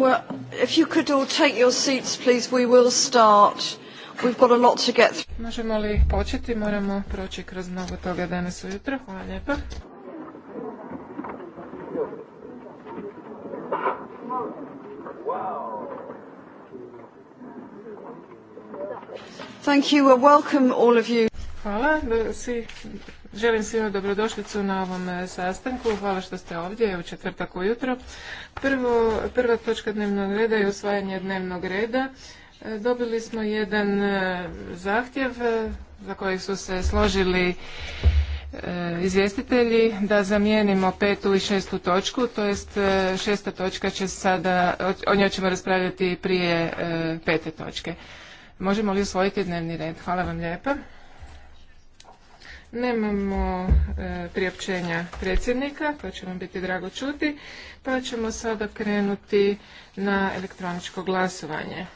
Well, if you could all take your seats, please, we will start. We've got a lot to get through. Možemo li početi? Moramo proći kroz mnogo toga danas ujutro. Hvala lijepa. Thank you. Well, welcome all of you. Hvala. Svi Želim svima dobrodošlicu na ovom e, sastanku. Hvala što ste ovdje u četvrtak ujutro. prva točka dnevnog reda je usvajanje dnevnog reda. E, dobili smo jedan e, zahtjev za koji su se složili izvjestitelji da zamijenimo petu i šestu točku, to jest šesta točka će sada, o njoj ćemo raspravljati prije pete točke. Možemo li usvojiti dnevni red? Hvala vam lijepa. Nemamo e, priopćenja predsjednika, to će vam biti drago čuti, pa ćemo sada krenuti na elektroničko glasovanje.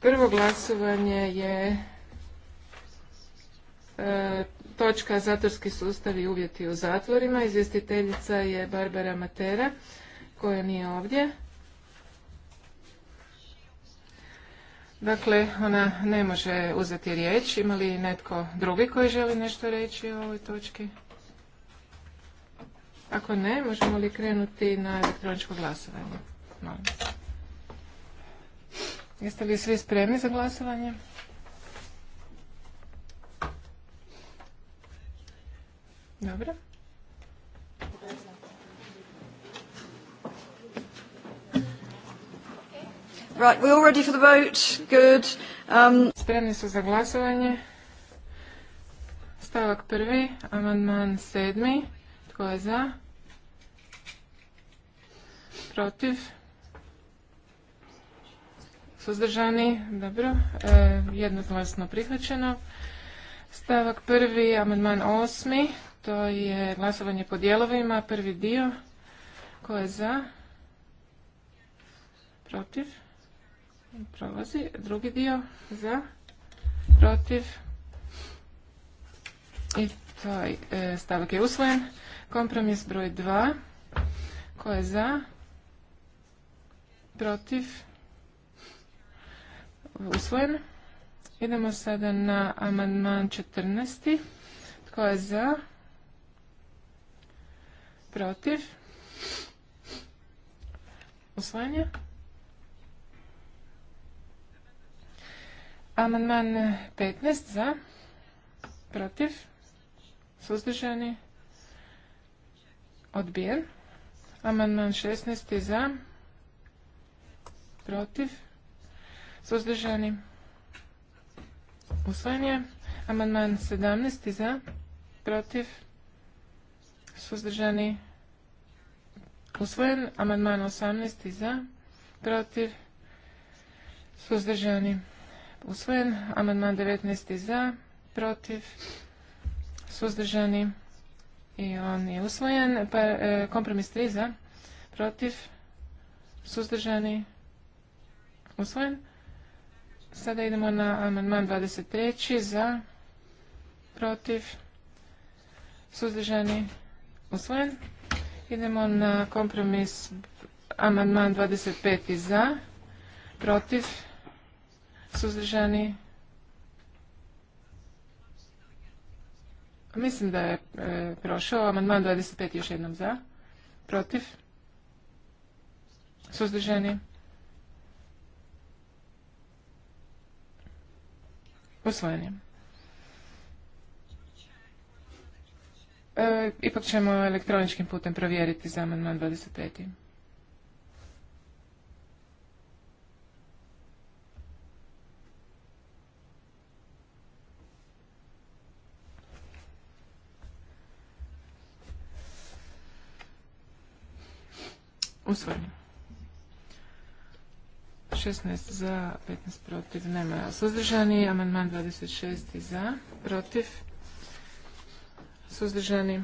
Prvo glasovanje je e, točka Zatvorski sustav i uvjeti u zatvorima. Izvjestiteljica je Barbara Matera koja nije ovdje. Dakle, ona ne može uzeti riječ. Ima li netko drugi koji želi nešto reći o ovoj točki? Ako ne, možemo li krenuti na elektroničko glasovanje? Molim. Jeste li svi spremni za glasovanje? Dobro. Right, we're all ready for the vote. Good. Um... Spremni su za glasovanje. Stavak prvi, amandman sedmi. Tko je za? Protiv? Suzdržani? Dobro. E, jednoglasno prihvaćeno. Stavak prvi, amandman osmi. To je glasovanje po dijelovima. Prvi dio. Tko je za? Protiv? prolazi. Drugi dio za, protiv i taj e, stavak je usvojen. Kompromis broj 2. Ko je za? Protiv? Usvojen. Idemo sada na amandman 14. Tko je za? Protiv? Usvojen je. Amandman 15 za, protiv, suzdržani, odbijen. Amandman 16 za, protiv, suzdržani, usvojen je. Amandman 17 za, protiv, suzdržani, usvojen. Amandman 18 za, protiv, suzdržani, usvojen. Amandman 19. za, protiv, suzdržani i on je usvojen. Pa, e, kompromis 3 za, protiv, suzdržani, usvojen. Sada idemo na amandman 23. za, protiv, suzdržani, usvojen. Idemo na kompromis amandman 25. za, protiv, Suzdržani? Mislim da je e, prošao. Amandman 25 još jednom za. Protiv? Suzdržani? Usvojeni. E, ipak ćemo elektroničkim putem provjeriti za amandman 25. Usvojeno. 16 za, 15 protiv, nema suzdržani. Amandman 26 za, protiv, suzdržani.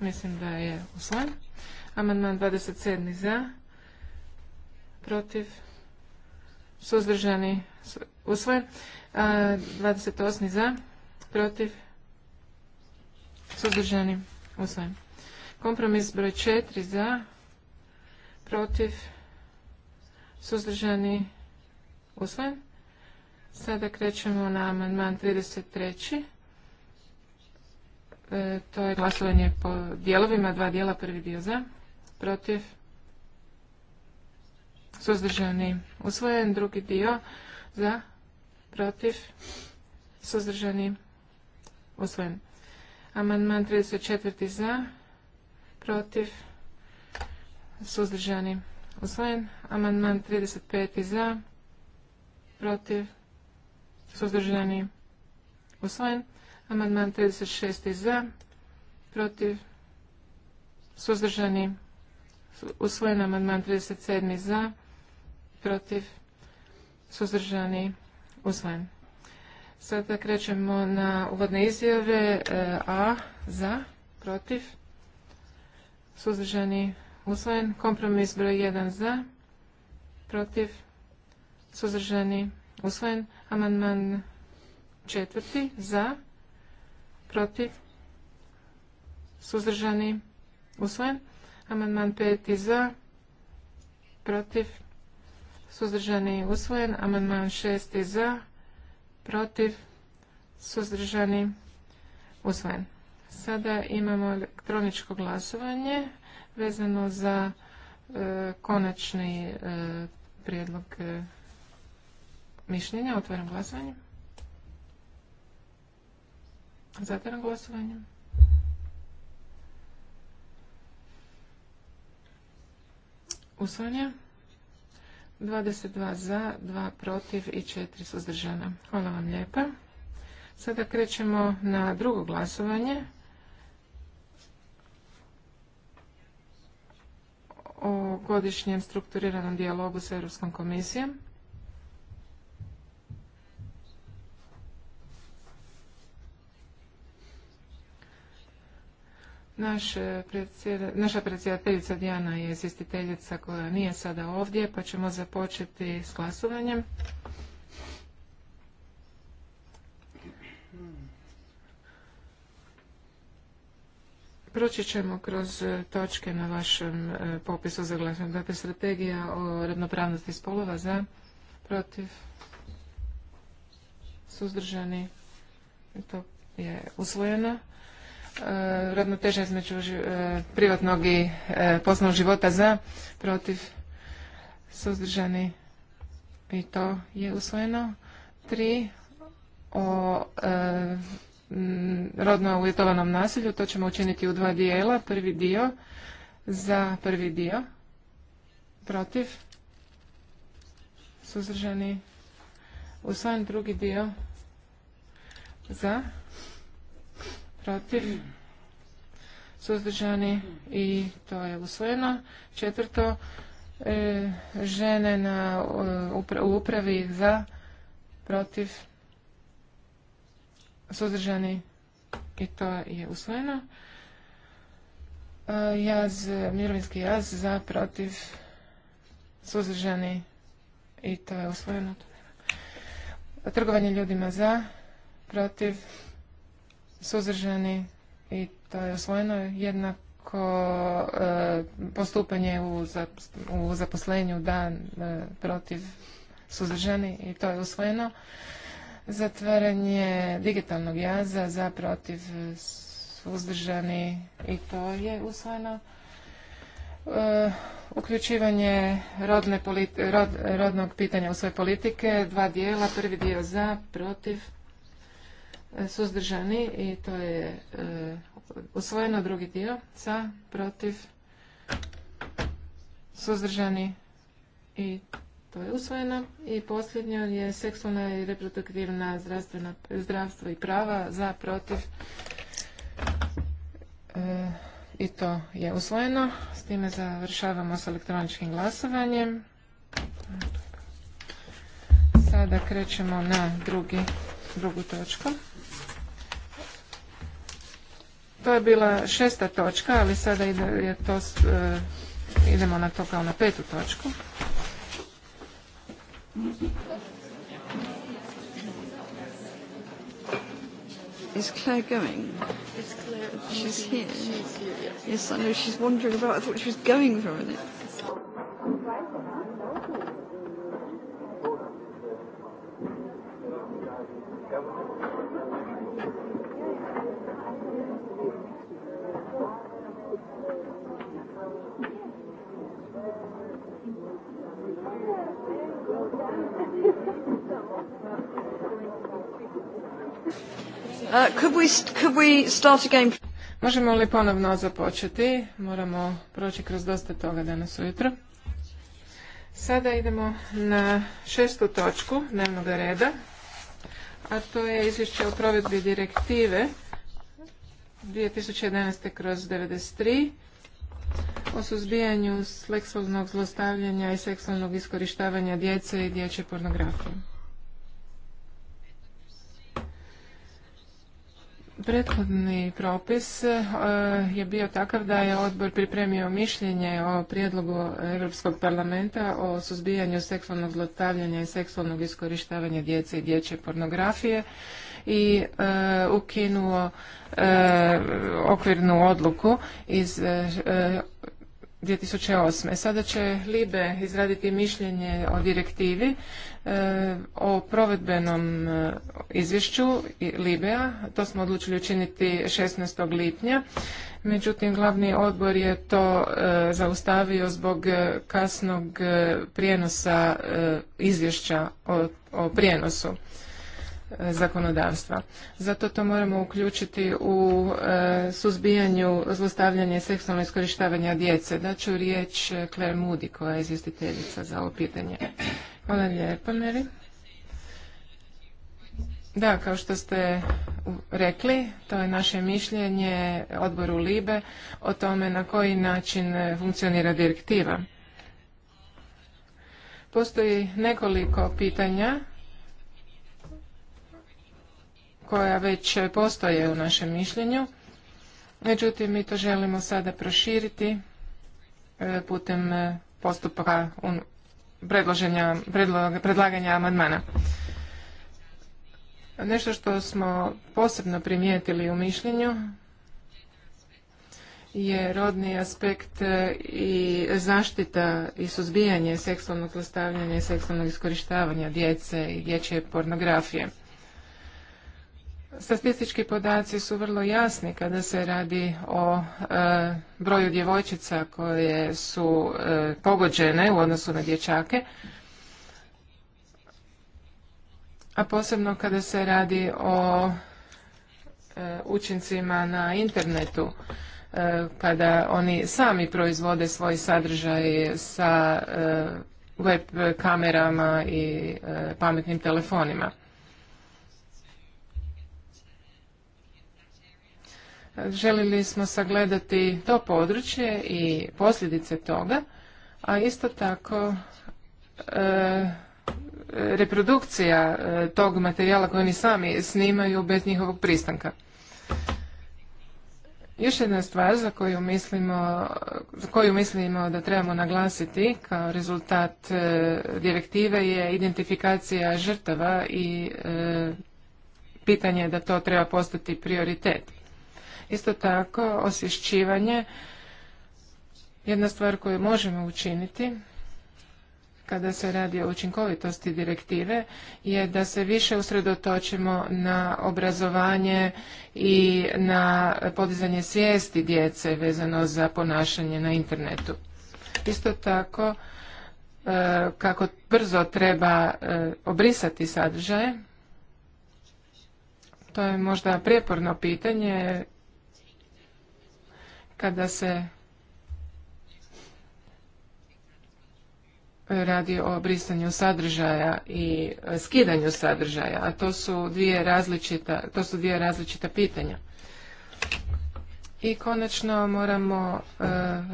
Mislim da je usvojen. Amandman 27 za, protiv, suzdržani, usvojen. 28 za, protiv, suzdržani, usvojen. Kompromis broj 4 za, protiv, suzdržani, usvojen. Sada krećemo na amandman 33. E, to je glasovanje po dijelovima, dva dijela, prvi dio za, protiv, suzdržani, usvojen, drugi dio za, protiv, suzdržani, usvojen. Amandman 34. za, protiv, suzdržani, usvojen. Amandman 35. za, protiv, suzdržani, usvojen. Amandman 36. za, protiv, suzdržani, usvojen. Amandman 37. za, protiv, suzdržani, usvojen. Sada krećemo na uvodne izjave. E, a, za, protiv, suzdržani, usvojen. Kompromis broj 1 za, protiv, suzdržani, usvojen. Amandman četvrti za, protiv, suzdržani, usvojen. Amandman peti za, protiv, suzdržani, usvojen. Amandman šesti za, protiv, suzdržani, usvojen. Sada imamo elektroničko glasovanje vezano za e, konačni e, prijedlog e, mišljenja. Otvaram glasovanje. Zatvaram glasovanje. Usvojenje. 22 za, 2 protiv i 4 suzdržana. Hvala vam lijepa. Sada krećemo na drugo glasovanje. o godišnjem strukturiranom dijalogu s Europskom komisijom. naša predsjedateljica Dijana je izvjestiteljica koja nije sada ovdje, pa ćemo započeti s glasovanjem. Proći ćemo kroz e, točke na vašem e, popisu za glasnog Dakle, strategija o ravnopravnosti spolova za, protiv, suzdržani. To je usvojeno. E, ravnoteža između privatnog i poslovnog života za, protiv, suzdržani. I to je usvojeno. Tri o Mm, rodno uvjetovanom nasilju. To ćemo učiniti u dva dijela. Prvi dio za prvi dio. Protiv. Suzdržani. Usvojen drugi dio. Za. Protiv. Suzdržani. I to je usvojeno. Četvrto. E, žene u upravi za. Protiv suzdržani i to je usvojeno. E, jaz, mirovinski jaz za protiv suzdržani i to je usvojeno. Trgovanje ljudima za protiv suzdržani i to je usvojeno. jednako e, postupanje u, zaposlenju dan e, protiv suzdržani i to je usvojeno zatvaranje digitalnog jaza za protiv suzdržani i to je usvojeno. E, uključivanje rodnog pitanja u svoje politike, dva dijela, prvi dio za, protiv, e, suzdržani i to je e, usvojeno, drugi dio za, protiv, suzdržani i to je usvojeno. I posljednja je seksualna i reproduktivna zdravstvena, zdravstvo i prava za protiv. E, I to je usvojeno. S time završavamo s elektroničkim glasovanjem. Sada krećemo na drugu točku. To je bila šesta točka, ali sada je to, e, idemo na to kao na petu točku. Is Claire going? Is Claire? She's here. She's here. Yes. yes, I know. She's wandering about. I thought she was going for a minute. Uh, Možemo li ponovno započeti? Moramo proći kroz dosta toga danas ujutro. Sada idemo na šestu točku dnevnog reda, a to je izvješće o provedbi direktive 2011. kroz 93 o suzbijanju seksualnog zlostavljanja i seksualnog iskorištavanja djece i dječje pornografije. Prethodni propis e, je bio takav da je odbor pripremio mišljenje o prijedlogu Europskog parlamenta o suzbijanju seksualnog zlostavljanja i seksualnog iskorištavanja djece i dječje pornografije i e, ukinuo e, okvirnu odluku iz 2008. E, Sada će Libe izraditi mišljenje o direktivi o provedbenom izvješću Libea. To smo odlučili učiniti 16. lipnja. Međutim, glavni odbor je to zaustavio zbog kasnog prijenosa izvješća o prijenosu zakonodavstva. Zato to moramo uključiti u e, suzbijanju zlostavljanja i seksualno iskorištavanja djece. Daću riječ Claire Moody koja je izvjestiteljica za ovo pitanje. Hvala lijepo, Mary. Da, kao što ste rekli, to je naše mišljenje odboru LIBE o tome na koji način funkcionira direktiva. Postoji nekoliko pitanja koja već postoje u našem mišljenju. Međutim, mi to želimo sada proširiti e, putem e, postupka predlaganja amandmana. Nešto što smo posebno primijetili u mišljenju je rodni aspekt e, i zaštita i suzbijanje seksualnog zlostavljanja i seksualnog iskorištavanja djece i dječje pornografije. Statistički podaci su vrlo jasni kada se radi o e, broju djevojčica koje su e, pogođene u odnosu na dječake, a posebno kada se radi o e, učincima na internetu, kada oni sami proizvode svoj sadržaj sa web kamerama i pametnim telefonima. Želili smo sagledati to područje i posljedice toga, a isto tako e, reprodukcija e, tog materijala koji oni sami snimaju bez njihovog pristanka. Još jedna stvar za koju mislimo, za koju mislimo da trebamo naglasiti kao rezultat e, direktive je identifikacija žrtava i pitanje da to treba postati prioritet. Isto tako, osvješćivanje, jedna stvar koju možemo učiniti kada se radi o učinkovitosti direktive je da se više usredotočimo na obrazovanje i na podizanje svijesti djece vezano za ponašanje na internetu. Isto tako, e, kako brzo treba e, obrisati sadržaje, to je možda prijeporno pitanje kada se radi o brisanju sadržaja i skidanju sadržaja, a to su dvije različita, to su dvije različita pitanja. I konačno moramo e,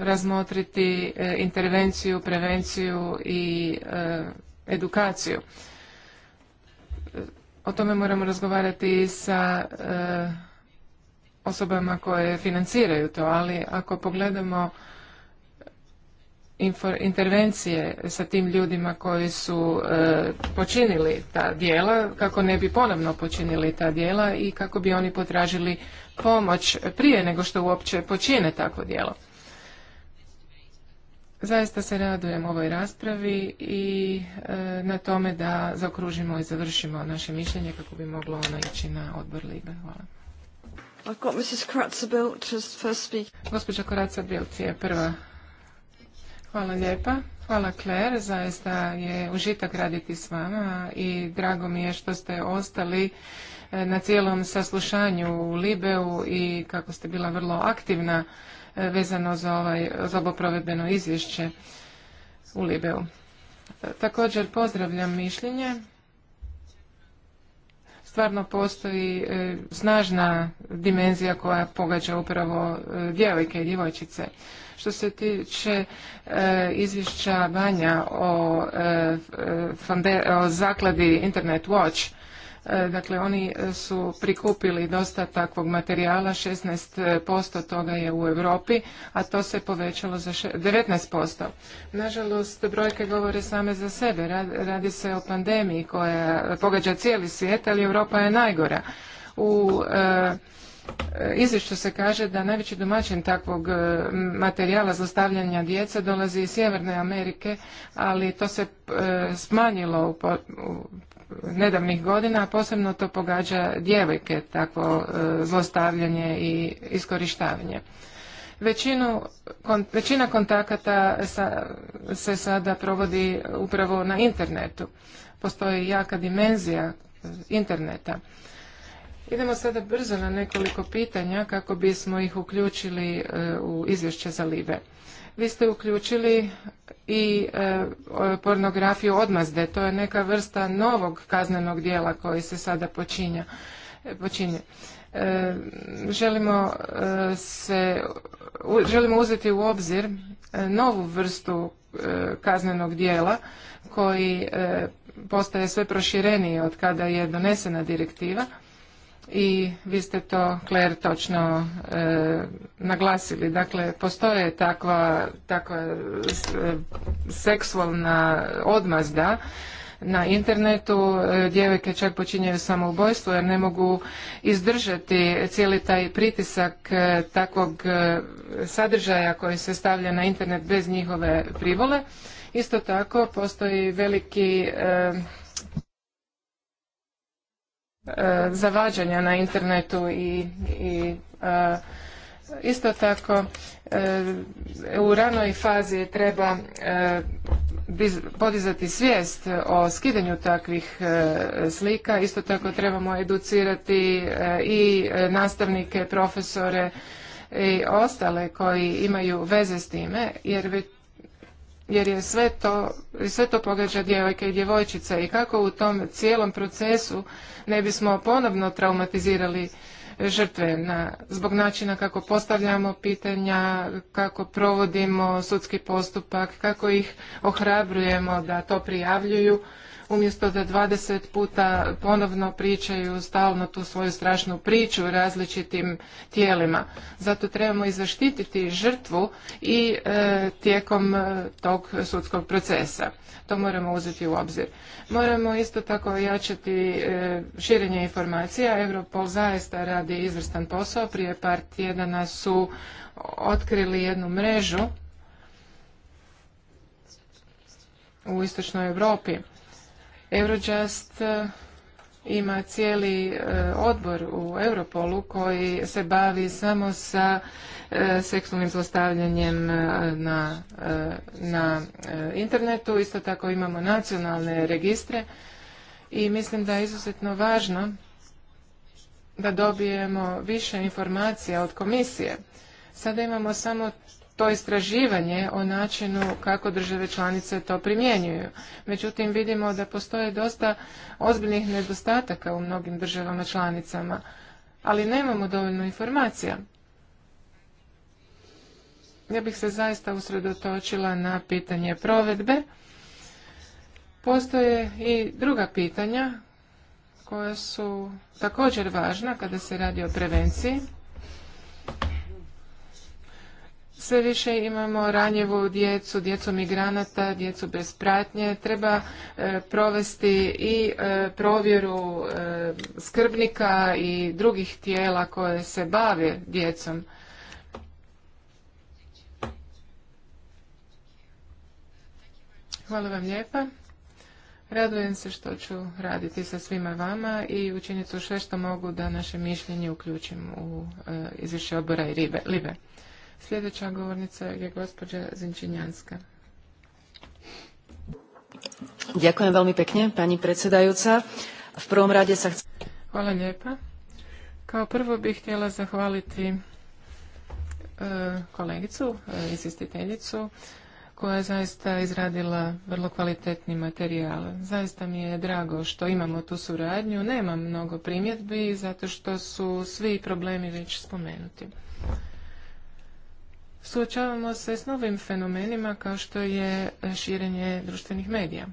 razmotriti e, intervenciju, prevenciju i e, edukaciju. O tome moramo razgovarati sa osobama koje financiraju to, ali ako pogledamo intervencije sa tim ljudima koji su e, počinili ta djela, kako ne bi ponovno počinili ta djela i kako bi oni potražili pomoć prije nego što uopće počine takvo djelo. Zaista se radujem ovoj raspravi i e, na tome da zaokružimo i završimo naše mišljenje kako bi moglo ono ići na odbor Libe. Hvala. Gospođa Koraca je prva. Hvala lijepa. Hvala Claire, zaista je užitak raditi s vama i drago mi je što ste ostali e, na cijelom saslušanju u Libeu i kako ste bila vrlo aktivna e, vezano za, ovaj, za izvješće u Libeu. E, također pozdravljam mišljenje stvarno postoji e, snažna dimenzija koja pogađa upravo e, djevojke i djevojčice. Što se tiče e, izvješća Banja o, o zakladi Internet Watch, E, dakle, oni su prikupili dosta takvog materijala, 16% toga je u Europi, a to se povećalo za 19%. Nažalost, brojke govore same za sebe. Radi se o pandemiji koja pogađa cijeli svijet, ali Europa je najgora. U e, izvješću se kaže da najveći domaćin takvog e, materijala zlostavljanja djece dolazi iz Sjeverne Amerike, ali to se smanjilo u nedavnih godina, a posebno to pogađa djevojke, takvo e, zlostavljanje i iskorištavanje. većina kontakata se sada provodi upravo na internetu. Postoji jaka dimenzija e, interneta. Idemo sada brzo na nekoliko pitanja kako bismo ih uključili e, u izvješće za Libe vi ste uključili i e, pornografiju odmazde. To je neka vrsta novog kaznenog dijela koji se sada e, počinje. E, želimo želimo uzeti u obzir novu vrstu kaznenog dijela koji postaje sve prošireniji od kada je donesena direktiva i vi ste to, Claire, točno e, naglasili. Dakle, postoje takva, takva e, seksualna odmazda na internetu. E, djevojke čak počinjaju samoubojstvo jer ne mogu izdržati cijeli taj pritisak takvog sadržaja koji se stavlja na internet bez njihove privole. Isto tako, postoji veliki... E, zavađanja na internetu i, e, isto tako e, u ranoj fazi treba podizati svijest o skidanju takvih slika. Isto tako trebamo educirati i nastavnike, profesore i ostale koji imaju veze s time, jer jer je sve to, sve to pogađa djevojke i djevojčice i kako u tom cijelom procesu ne bismo ponovno traumatizirali žrtve na, zbog načina kako postavljamo pitanja, kako provodimo sudski postupak, kako ih ohrabrujemo da to prijavljuju umjesto da 20 puta ponovno pričaju stalno tu svoju strašnu priču različitim tijelima. Zato trebamo i zaštititi žrtvu i e, tijekom e, tog sudskog procesa. To moramo uzeti u obzir. Moramo isto tako ojačati e, širenje informacija. Europol zaista radi izvrstan posao. Prije par tjedana su otkrili jednu mrežu u istočnoj Europi Eurojust e, ima cijeli e, odbor u Europolu koji se bavi samo sa e, seksualnim zlostavljanjem na, na internetu. Isto tako imamo nacionalne registre i mislim da je izuzetno važno da dobijemo više informacija od komisije. Sada imamo samo to istraživanje o načinu kako države članice to primjenjuju. Međutim, vidimo da postoje dosta ozbiljnih nedostataka u mnogim državama članicama, ali nemamo dovoljno informacija. Ja bih se zaista usredotočila na pitanje provedbe. Postoje i druga pitanja koja su također važna kada se radi o prevenciji Sve više imamo ranjevu djecu, djecu migranata, djecu bez pratnje. Treba e, provesti i e, provjeru e, skrbnika i drugih tijela koje se bave djecom. Hvala vam lijepa. Radujem se što ću raditi sa svima vama i učiniti sve što mogu da naše mišljenje uključim u izvješće odbora i ribe, Libe. Sljedeća govornica je gospođa Zinčinjanska. veľmi pekne, pani predsedajúca. V prvom rade sa Hvala lijepa. Kao prvo bih htjela zahvaliti e, kolegicu, e, insistiteljicu, koja je zaista izradila vrlo kvalitetni materijal. Zaista mi je drago što imamo tu suradnju, nemam mnogo primjedbi zato što su svi problemi već spomenuti suočavamo se s novim fenomenima kao što je širenje društvenih medija.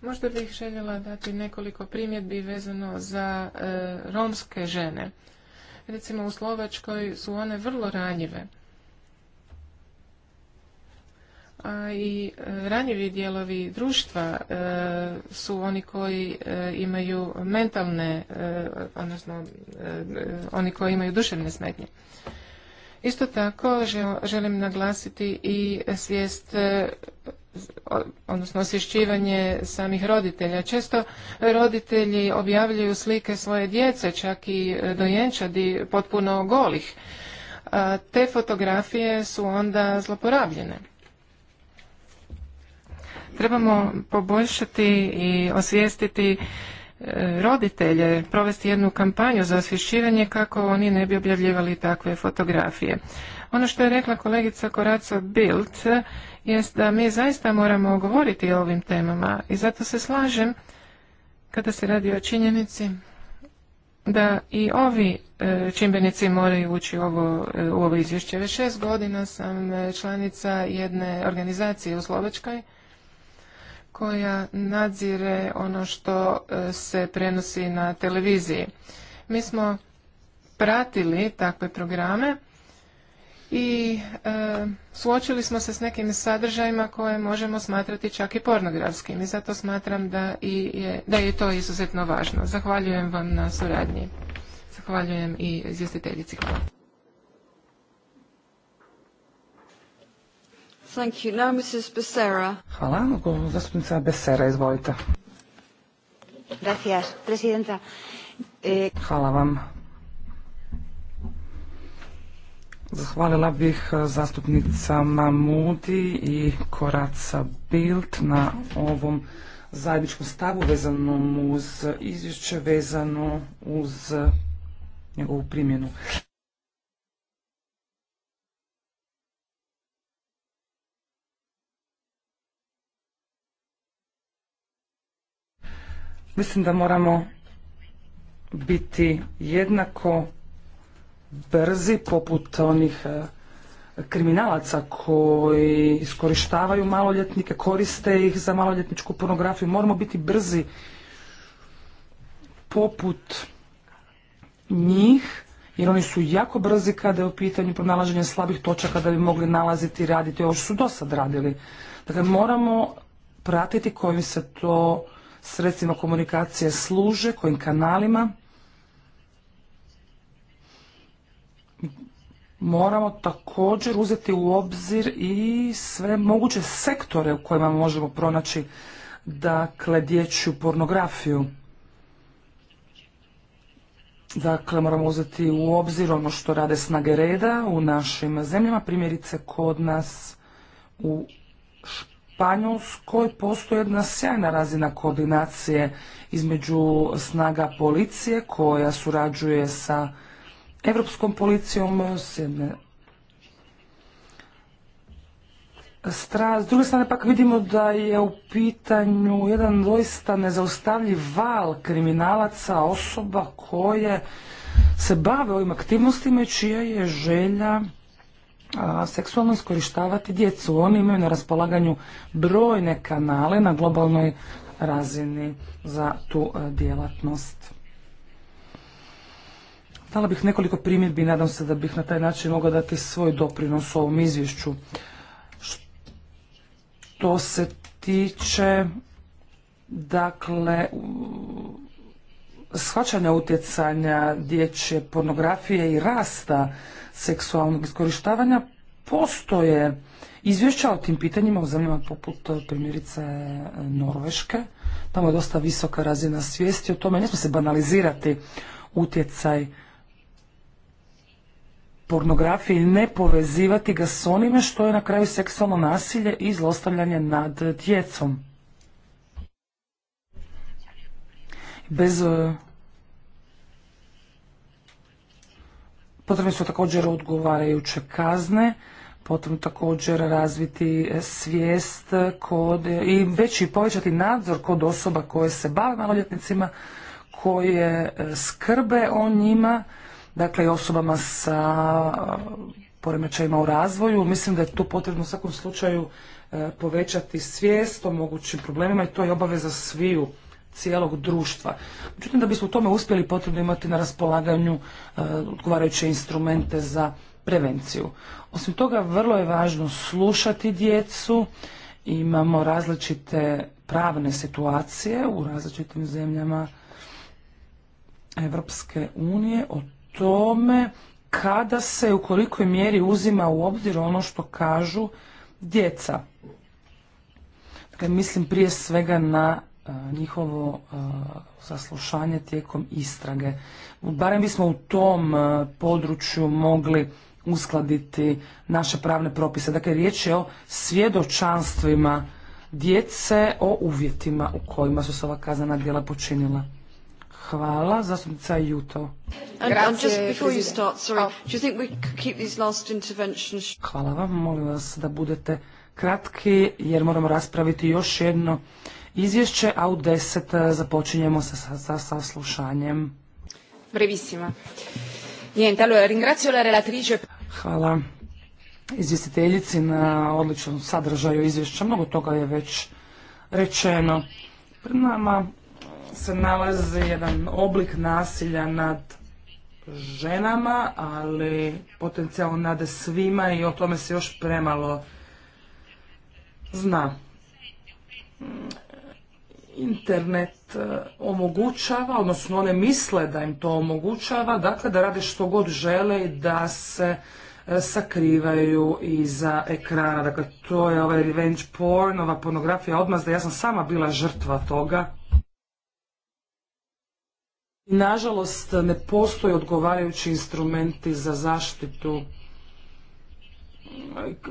Možda bih željela dati nekoliko primjedbi vezano za e, romske žene. Recimo u Slovačkoj su one vrlo ranjive a i e, ranjivi dijelovi društva e, su oni koji e, imaju mentalne, odnosno oni koji imaju duševne smetnje. Isto tako želim naglasiti i svijest, odnosno osvješćivanje samih roditelja. Često roditelji objavljuju slike svoje djece, čak i dojenčadi potpuno golih. te fotografije su onda zloporabljene. Trebamo poboljšati i osvijestiti e, roditelje, provesti jednu kampanju za osvješćivanje kako oni ne bi objavljivali takve fotografije. Ono što je rekla kolegica Koraco Bild jest da mi zaista moramo govoriti o ovim temama i zato se slažem kada se radi o činjenici da i ovi e, čimbenici moraju ući ovo, e, u ovo izvješće. Već šest godina sam članica jedne organizacije u Slovačkoj koja nadzire ono što e, se prenosi na televiziji. Mi smo pratili takve programe i e, suočili smo se s nekim sadržajima koje možemo smatrati čak i pornografskim i zato smatram da, i je, da je to izuzetno važno. Zahvaljujem vam na suradnji. Zahvaljujem i izvjestiteljici. Hvala. Thank you. Mrs. Becerra. Hvala. Zastupnica Becerra, izvolite. Gracias, presidenta. E... Hvala vam. Zahvalila bih eh, zastupnicama Mudi i Koraca Bild na ovom zajedničkom stavu vezanom uz izvješće, vezano uz eh, njegovu primjenu. Mislim da moramo biti jednako brzi poput onih e, kriminalaca koji iskorištavaju maloljetnike, koriste ih za maloljetničku pornografiju. Moramo biti brzi poput njih, jer oni su jako brzi kada je u pitanju pronalaženje slabih točaka da bi mogli nalaziti i raditi ovo što su do sad radili. Dakle, moramo pratiti kojim se to sredstvima komunikacije služe, kojim kanalima. Moramo također uzeti u obzir i sve moguće sektore u kojima možemo pronaći dakle dječju pornografiju. Dakle, moramo uzeti u obzir ono što rade snage reda u našim zemljama, primjerice kod nas u Španjolskoj postoji jedna sjajna razina koordinacije između snaga policije koja surađuje sa Europskom policijom s S druge strane pak vidimo da je u pitanju jedan doista nezaustavljiv val kriminalaca, osoba koje se bave ovim aktivnostima i čija je želja seksualno iskorištavati djecu. Oni imaju na raspolaganju brojne kanale na globalnoj razini za tu e, djelatnost. Dala bih nekoliko primjedbi i nadam se da bih na taj način mogao dati svoj doprinos ovom izvješću. Što se tiče dakle shvaćanja utjecanja dječje pornografije i rasta seksualnog iskorištavanja postoje izvješća o tim pitanjima u zemljama poput e, primjerice e, Norveške. Tamo je dosta visoka razina svijesti o tome. Ne smije se banalizirati utjecaj pornografije i ne povezivati ga s onime što je na kraju seksualno nasilje i zlostavljanje nad djecom. bez e, Potrebne su također odgovarajuće kazne, potom također razviti svijest kod, i veći povećati nadzor kod osoba koje se bave maloljetnicima, koje e, skrbe o njima, dakle i osobama sa e, poremećajima u razvoju. Mislim da je tu potrebno u svakom slučaju povećati svijest o mogućim problemima i to je obaveza sviju cijelog društva. Međutim, da bismo u tome uspjeli potrebno imati na raspolaganju e, odgovarajuće instrumente za prevenciju. Osim toga, vrlo je važno slušati djecu, imamo različite pravne situacije u različitim zemljama Evropske unije o tome kada se u kolikoj mjeri uzima u obzir ono što kažu djeca. Dakle, mislim prije svega na njihovo saslušanje tijekom istrage. Barem bismo u tom području mogli uskladiti naše pravne propise. Dakle, riječ je o svjedočanstvima djece, o uvjetima u kojima su se ova kaznena djela počinila. Hvala, zastupnica Juto. Hvala vam, molim vas da budete kratki jer moramo raspraviti još jedno izvješće, a u deset e, započinjemo sa, sa, saslušanjem. brevisima Niente, allora ringrazio la relatrice. Hvala izvjestiteljici na odličnom sadržaju izvješća. Mnogo toga je već rečeno. Pred nama se nalazi jedan oblik nasilja nad ženama, ali potencijalno nade svima i o tome se još premalo zna internet e, omogućava, odnosno one misle da im to omogućava, dakle da rade što god žele i da se e, sakrivaju iza ekrana. Dakle, to je ovaj revenge porn, ova pornografija odmazda. Ja sam sama bila žrtva toga. Nažalost, ne postoji odgovarajući instrumenti za zaštitu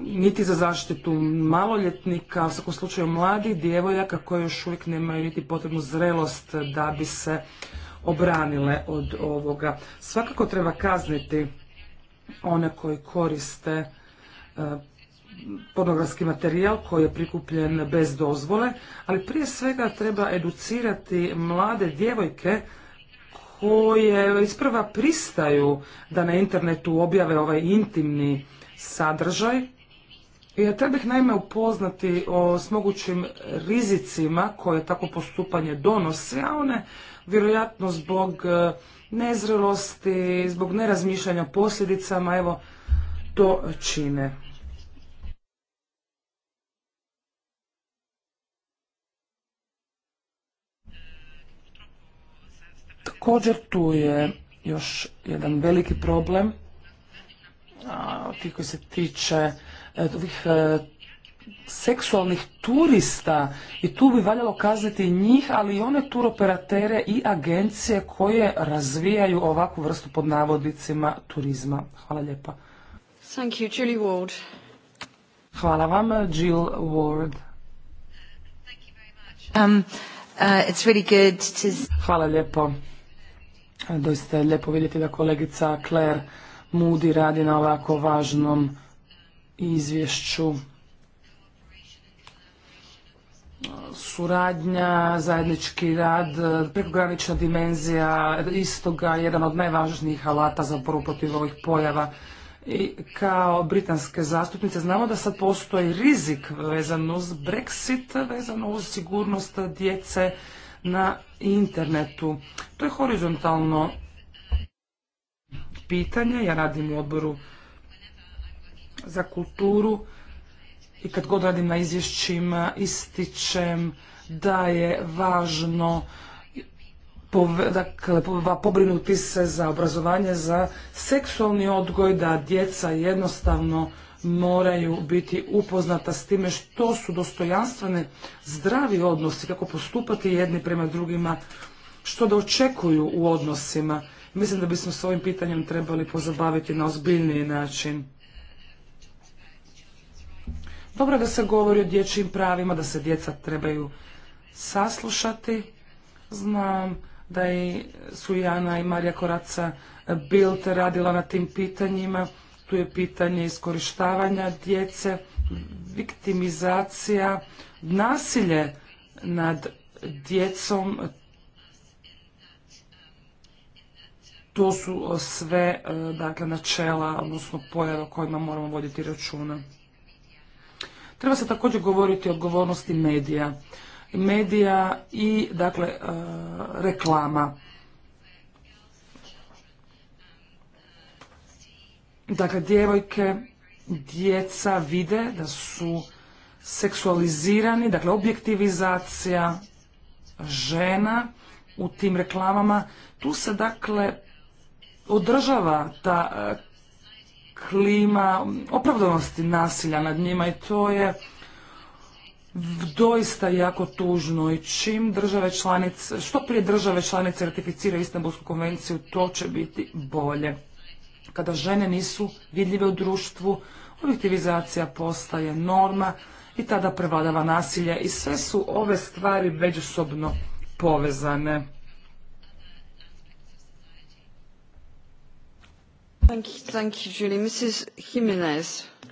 niti za zaštitu maloljetnika, u svakom slučaju mladih djevojaka koje još uvijek nemaju niti potrebnu zrelost da bi se obranile od ovoga. Svakako treba kazniti one koji koriste e, pornografski materijal koji je prikupljen bez dozvole, ali prije svega treba educirati mlade djevojke koje isprva pristaju da na internetu objave ovaj intimni sadržaj. I treba ih naime upoznati o, s mogućim rizicima koje tako postupanje donosi, a one vjerojatno zbog e, nezrelosti, zbog nerazmišljanja o posljedicama, evo, to čine. Također tu je još jedan veliki problem postupak koji se tiče e, ovih e, seksualnih turista i tu bi valjalo kazniti njih, ali i one turoperatere i agencije koje razvijaju ovakvu vrstu pod navodnicima turizma. Hvala lijepa. Thank you, Julie Ward. Hvala vam, Jill Ward. Um, uh, it's really good to... Hvala lijepo. Doista je lijepo vidjeti da kolegica Claire Moody radi na ovako važnom izvješću. Suradnja, zajednički rad, prekogranična dimenzija, istoga jedan od najvažnijih alata za borbu protiv ovih pojava. I kao britanske zastupnice znamo da sad postoji rizik vezan uz Brexit, vezano uz sigurnost djece na internetu. To je horizontalno pitanja. Ja radim u odboru za kulturu i kad god radim na izvješćima ističem da je važno dakle, pobrinuti se za obrazovanje, za seksualni odgoj, da djeca jednostavno moraju biti upoznata s time što su dostojanstvene zdravi odnosi, kako postupati jedni prema drugima, što da očekuju u odnosima. Mislim da bismo s ovim pitanjem trebali pozabaviti na ozbiljniji način. Dobro da se govori o dječjim pravima, da se djeca trebaju saslušati. Znam da su Jana i Marija Koraca Bilt radila na tim pitanjima. Tu je pitanje iskorištavanja djece, viktimizacija, nasilje nad djecom to su e, sve e, dakle, načela, odnosno pojave o kojima moramo voditi računa. Treba se također govoriti o odgovornosti medija. Medija i dakle, e, reklama. Dakle, djevojke, djeca vide da su seksualizirani, dakle objektivizacija žena u tim reklamama. Tu se dakle održava ta e, klima opravdanosti nasilja nad njima i to je doista jako tužno i čim države članice, što prije države članice ratificiraju Istanbulsku konvenciju, to će biti bolje. Kada žene nisu vidljive u društvu, objektivizacija postaje norma i tada prevladava nasilje i sve su ove stvari međusobno povezane.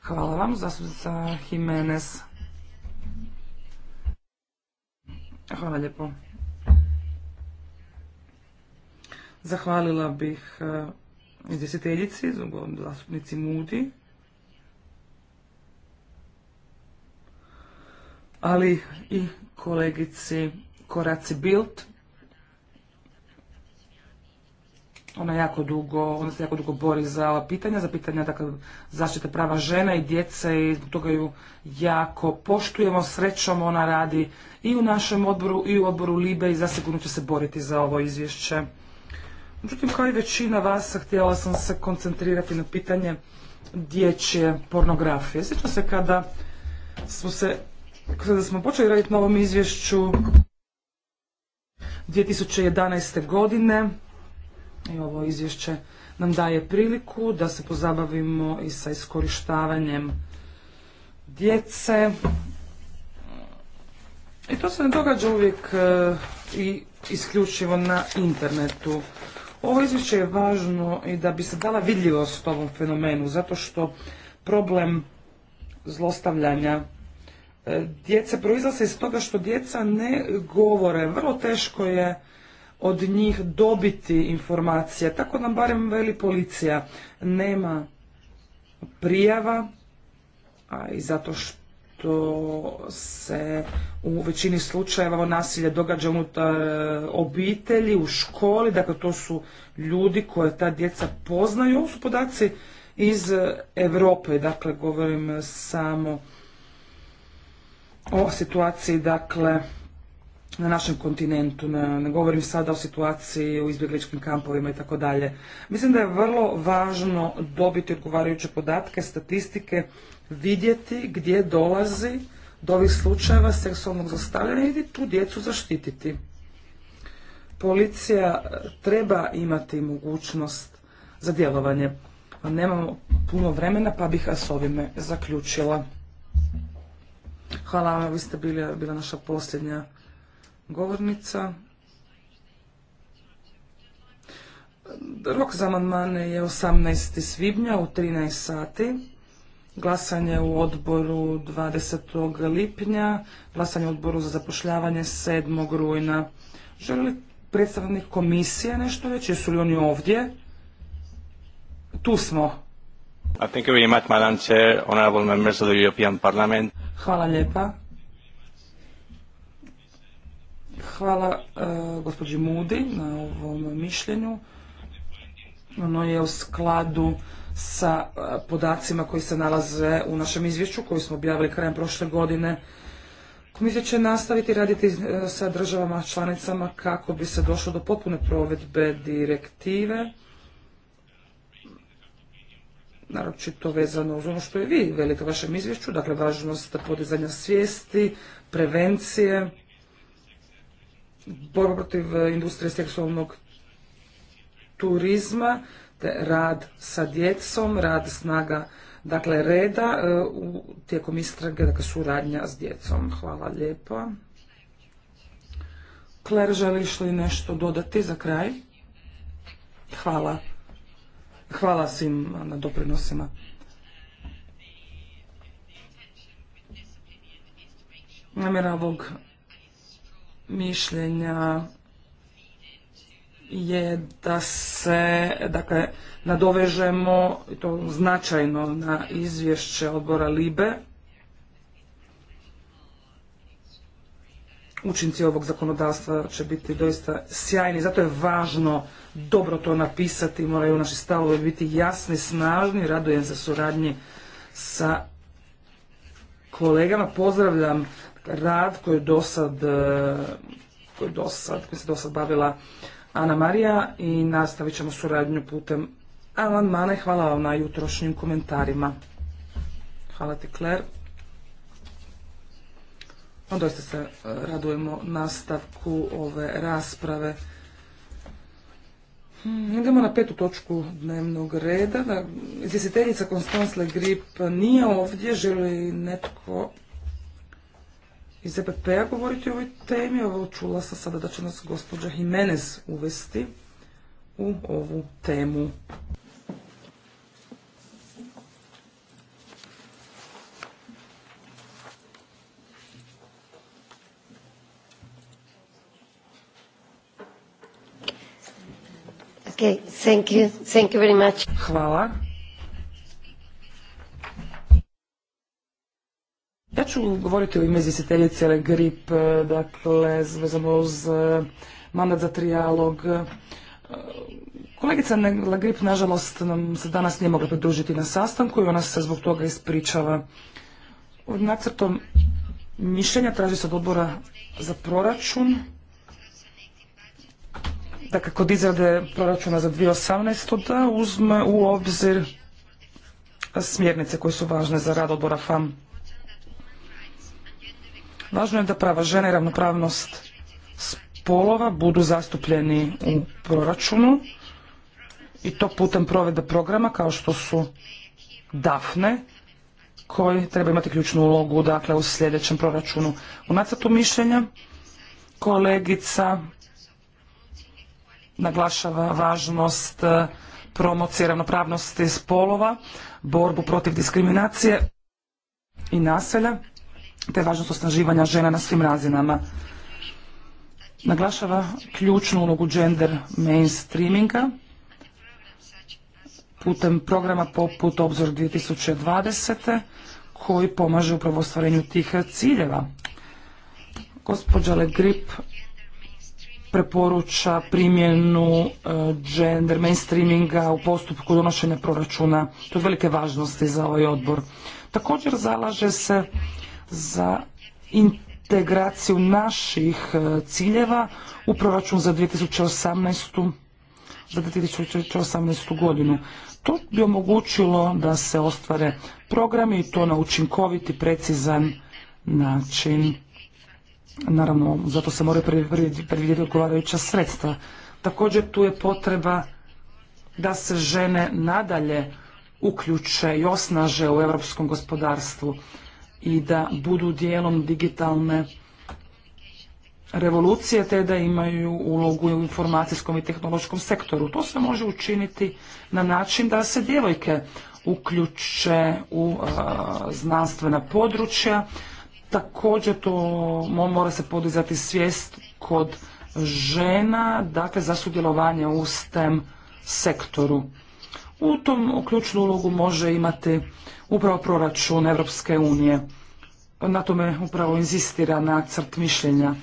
Hvala vam, zastupnica Jimenez. Hvala lijepo. Zahvalila bih e, izvjestiteljici, zastupnici Mudi. Ali i kolegici Koraci Bild Ona jako dugo, ona se jako dugo bori za ova pitanja, za pitanja dakle, zaštite prava žena i djece i zbog toga ju jako poštujemo. Srećom ona radi i u našem odboru i u odboru Libe i zasigurno će se boriti za ovo izvješće. Međutim, kao i većina vas, htjela sam se koncentrirati na pitanje dječje pornografije. Sjećam se kada smo se kada smo počeli raditi na ovom izvješću 2011. godine i ovo izvješće nam daje priliku da se pozabavimo i sa iskorištavanjem djece. I to se ne događa uvijek e, i isključivo na internetu. Ovo izvješće je važno i da bi se dala vidljivost ovom fenomenu, zato što problem zlostavljanja e, djece proizlaze iz toga što djeca ne govore. Vrlo teško je od njih dobiti informacije. Tako nam barem veli policija. Nema prijava, a i zato što se u većini slučajeva nasilje događa unutar e, obitelji, u školi, dakle to su ljudi koje ta djeca poznaju. Ovo su podaci iz Europe, dakle govorim samo o situaciji dakle na našem kontinentu, ne, govorim sada o situaciji u izbjegličkim kampovima i tako dalje. Mislim da je vrlo važno dobiti odgovarajuće podatke, statistike, vidjeti gdje dolazi do ovih slučajeva seksualnog zlostavljanja i tu djecu zaštititi. Policija e, treba imati mogućnost za djelovanje. Pa nemamo puno vremena pa bih e, s ovime zaključila. Hvala vam, vi ste bili, bila naša posljednja govornica. Rok za amandmane je 18. svibnja u 13 sati. Glasanje u odboru 20. lipnja, glasanje u odboru za zapošljavanje 7. rujna. Želi li predstavnik komisije nešto reći? Jesu li oni ovdje? Tu smo. Hvala lijepa. Hvala e, gospođi Mudi na ovom mišljenju. Ono je u skladu sa e, podacima koji se nalaze u našem izvješću koji smo objavili krajem prošle godine. Komisija će nastaviti raditi e, sa državama članicama kako bi se došlo do potpune provedbe direktive, naročito vezano uz ono što je vi velite u vašem izvješću, dakle važnost podizanja svijesti, prevencije, borba protiv e, industrije seksualnog turizma, te rad sa djecom, rad snaga dakle reda e, u tijekom istrage, dakle suradnja s djecom. Hvala lijepa. Kler, želiš li nešto dodati za kraj? Hvala. Hvala svim na doprinosima. Namjera ovog mišljenja je da se dakle, nadovežemo i to značajno na izvješće odbora LIBE učinci ovog zakonodavstva će biti doista sjajni. Zato je važno dobro to napisati, moraju naši stavovi biti jasni, snažni. Radujem se suradnji sa kolegama. Pozdravljam rad koji je do e, koji, se do sad bavila Ana Marija i nastavit ćemo suradnju putem Alan Mane. hvala vam na jutrošnjim komentarima. Hvala ti, Claire. Onda pa se, se radujemo nastavku ove rasprave. Hmm, idemo na petu točku dnevnog reda. Izvjestiteljica Konstansle Grip nije ovdje. Želi netko iz EPP-a govoriti o ovoj temi. Ovo čula sam sada da će nas gospođa Jimenez uvesti u ovu temu. Okay, thank you. Thank you very much. Hvala. Ja ću govoriti o ime izvjestiteljice Grip, e, dakle, vezano uz e, mandat za trijalog. E, kolegica Negla Grip, nažalost, nam se danas nije mogla pridružiti na sastanku i ona se zbog toga ispričava. Nacrtom mišljenja traži se od odbora za proračun dakle kod izrade proračuna za 2018. da uzme u obzir smjernice koje su važne za rad odbora FAM. Važno je da prava žene i ravnopravnost spolova budu zastupljeni u proračunu i to putem provedbe programa kao što su DAFNE koji treba imati ključnu ulogu dakle u sljedećem proračunu. U nacrtu mišljenja kolegica naglašava važnost e, promocije ravnopravnosti spolova, borbu protiv diskriminacije i naselja te važnost osnaživanja žena na svim razinama. Naglašava ključnu ulogu gender mainstreaminga putem programa poput Obzor 2020. koji pomaže u ostvarenju tih ciljeva. Gospođa Le Grip preporuča primjenu e, gender mainstreaminga u postupku donošenja proračuna. To je velike važnosti za ovaj odbor. Također zalaže se za integraciju naših e, ciljeva u proračun za 2018. za 2018. godinu. To bi omogućilo da se ostvare programi i to na učinkoviti, precizan način. Naravno, zato se moraju predvidjeti odgovarajuća sredstva. Također tu je potreba da se žene nadalje uključe i osnaže u europskom gospodarstvu i da budu dijelom digitalne revolucije te da imaju ulogu u informacijskom i tehnološkom sektoru. To se može učiniti na način da se djevojke uključe u znanstvena područja. Također to mora se podizati svijest kod žena, dakle za sudjelovanje u STEM sektoru. U tom ključnu ulogu može imati upravo proračun Europske unije. Na tome upravo inzistira crt mišljenja.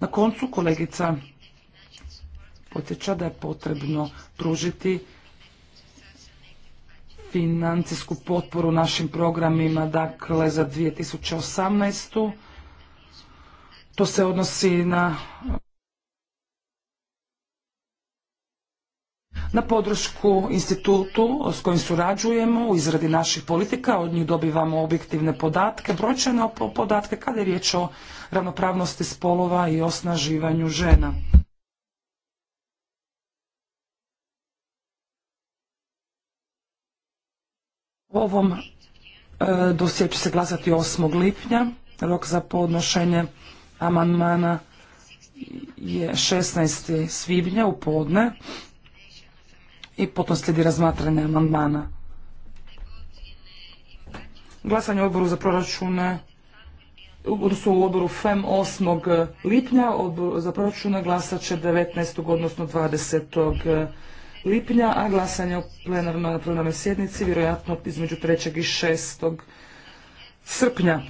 Na koncu kolegica potječa da je potrebno pružiti financijsku potporu našim programima, dakle za 2018. To se odnosi na na podršku institutu s kojim surađujemo u izradi naših politika, od njih dobivamo objektivne podatke, brojčane podatke kada je riječ o ravnopravnosti spolova i osnaživanju žena. U ovom e, dosje se glasati 8. lipnja, rok za podnošenje amandmana je 16. svibnja u podne i potom slijedi razmatranje amandmana. Glasanje u odboru za proračune odnosno u odboru FEM 8. lipnja, odbor za proračune glasat će 19. odnosno 20. lipnja, a glasanje u plenarnoj, na plenarnoj sjednici vjerojatno između 3. i 6. srpnja.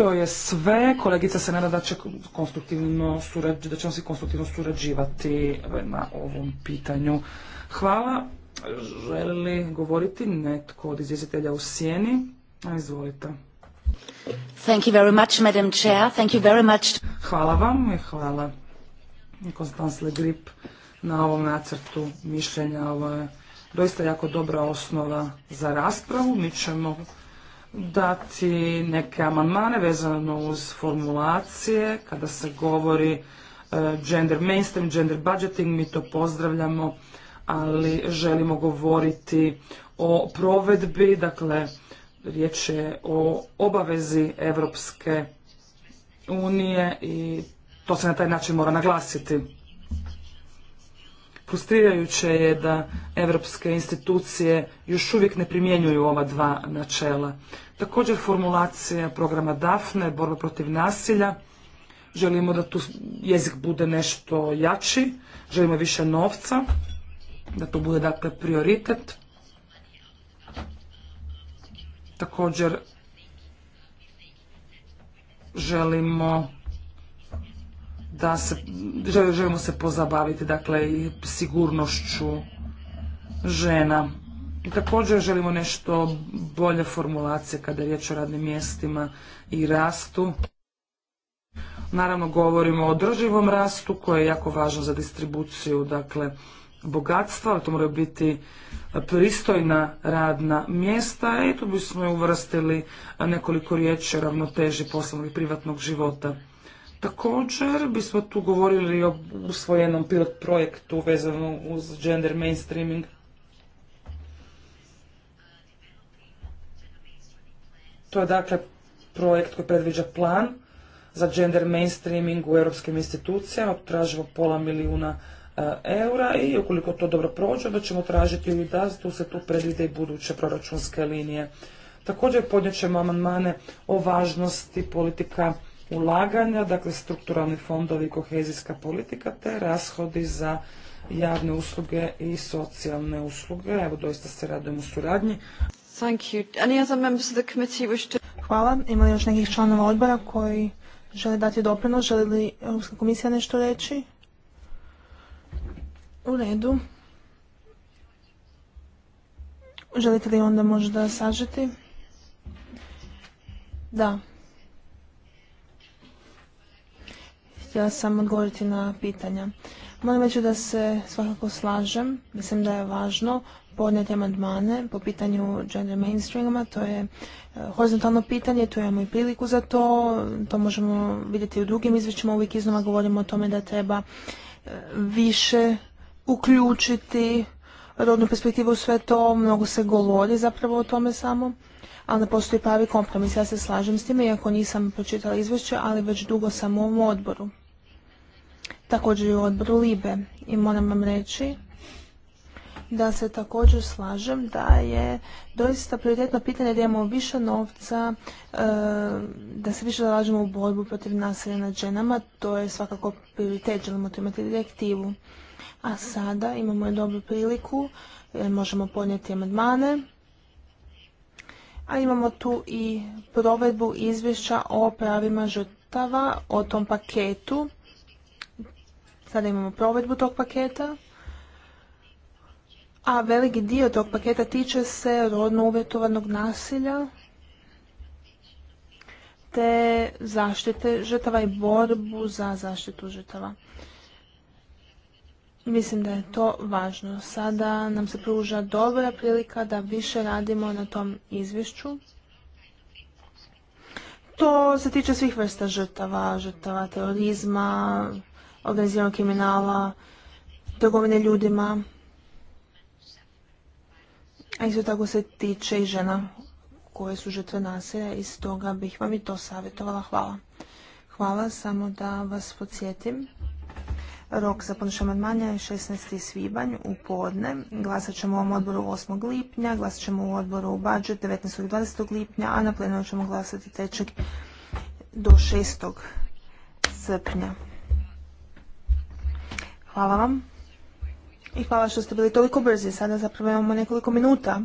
To je sve. Kolegica se nada da će konstruktivno surađivati, da ćemo se konstruktivno surađivati na ovom pitanju. Hvala. Želi li govoriti netko od izvjestitelja u sjeni? Izvolite. Thank you very much, Madam Chair. Thank you very much. Hvala vam i hvala Konstans Grip na ovom nacrtu mišljenja. Ovo je doista jako dobra osnova za raspravu. Mi ćemo dati neke amandmane vezano uz formulacije kada se govori e, gender mainstream, gender budgeting, mi to pozdravljamo, ali želimo govoriti o provedbi, dakle riječ je o obavezi Evropske unije i to se na taj način mora naglasiti. Frustrirajuće je da evropske institucije još uvijek ne primjenjuju ova dva načela. Također formulacija programa DAFNE, borba protiv nasilja, želimo da tu jezik bude nešto jači, želimo više novca, da to bude dakle prioritet. Također želimo da se, želimo se pozabaviti dakle i sigurnošću žena. I također želimo nešto bolje formulacije kada je riječ o radnim mjestima i rastu. Naravno govorimo o održivom rastu koji je jako važan za distribuciju dakle bogatstva, ali to moraju biti pristojna radna mjesta i tu bismo uvrstili nekoliko riječi o ravnoteži poslovnog i privatnog života. Također bismo tu govorili o usvojenom pilot projektu vezano uz gender mainstreaming. To je dakle projekt koji predviđa plan za gender mainstreaming u europskim institucijama. Tražimo pola milijuna e, eura i ukoliko to dobro prođe, onda ćemo tražiti i da tu se tu predvide i buduće proračunske linije. Također podnijet ćemo amandmane o važnosti politika ulaganja, dakle strukturalni fondovi i kohezijska politika, te rashodi za javne usluge i socijalne usluge. Evo, doista se radujem u suradnji. Thank you. Hvala. Ima li još nekih članova odbora koji žele dati doprinos? Želi li Europska komisija nešto reći? U redu. Želite li onda možda sažeti? Da. Htjela sam odgovoriti na pitanja. Moram reći da se svakako slažem. Mislim da je važno podnijeti amandmane po pitanju gender mainstreama. To je e, horizontalno pitanje, tu imamo i priliku za to. To možemo vidjeti u drugim izvećima. Uvijek iznova govorimo o tome da treba e, više uključiti rodnu perspektivu u sve to. Mnogo se govori zapravo o tome samo ali ne postoji pravi kompromis. Ja se slažem s time, iako nisam pročitala izvješće, ali već dugo sam u ovom odboru također i u odboru Libe. I moram vam reći da se također slažem da je doista prioritetno pitanje da imamo više novca, e, da se više zalažemo u borbu protiv nasilja nad ženama. To je svakako prioritet, želimo imati direktivu. A sada imamo i dobru priliku, e, možemo podnijeti amandmane, a imamo tu i provedbu izvješća o pravima žrtava, o tom paketu Sada imamo provedbu tog paketa, a veliki dio tog paketa tiče se rodno uvjetovanog nasilja te zaštite žrtava i borbu za zaštitu žrtava. Mislim da je to važno. Sada nam se pruža dobra prilika da više radimo na tom izvješću. To se tiče svih vrsta žrtava, žrtava terorizma, organiziranog kriminala, trgovine ljudima, a isto tako se tiče i žena koje su žrtve nasilja i toga bih vam i to savjetovala. Hvala. Hvala, samo da vas podsjetim. Rok za podnošenje amandmana je 16. svibanj u podne. Glasat ćemo u ovom odboru 8. lipnja, glasat ćemo u odboru u budžet 19. i 20. lipnja, a na plenu ćemo glasati 3. do 6. srpnja. Hvala vam. I hvala što ste bili toliko brzi. Sada zapravo imamo nekoliko minuta,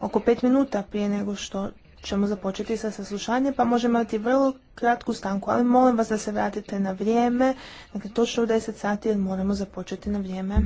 oko pet minuta prije nego što ćemo započeti sa saslušanje, pa možemo imati vrlo kratku stanku, ali molim vas da se vratite na vrijeme, dakle točno u 10 sati jer moramo započeti na vrijeme.